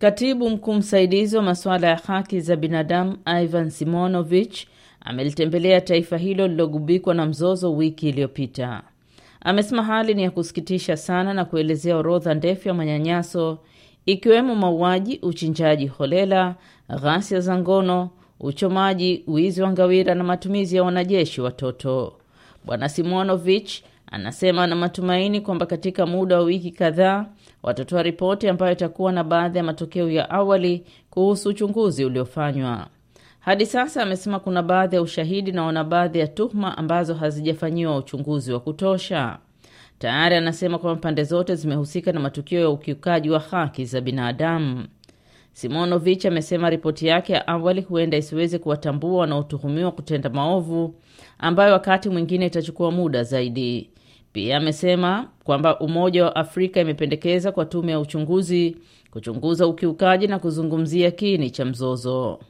Katibu mkuu msaidizi wa masuala ya haki za binadamu Ivan Simonovich amelitembelea taifa hilo lililogubikwa na mzozo wiki iliyopita. Amesema hali ni ya kusikitisha sana na kuelezea orodha ndefu ya manyanyaso ikiwemo mauaji, uchinjaji holela, ghasia za ngono, uchomaji, wizi wa ngawira na matumizi ya wanajeshi watoto. Bwana Simonovich Anasema ana matumaini kwamba katika muda wa wiki kadhaa watatoa ripoti ambayo itakuwa na baadhi ya matokeo ya awali kuhusu uchunguzi uliofanywa. Hadi sasa amesema kuna baadhi ya ushahidi na wana baadhi ya tuhma ambazo hazijafanyiwa uchunguzi wa kutosha. Tayari anasema kwamba pande zote zimehusika na matukio ya ukiukaji wa haki za binadamu. Simonovich amesema ripoti yake ya awali huenda isiweze kuwatambua wanaotuhumiwa kutenda maovu ambayo wakati mwingine itachukua muda zaidi. Pia amesema kwamba Umoja wa Afrika imependekeza kwa tume ya uchunguzi kuchunguza ukiukaji na kuzungumzia kini cha mzozo.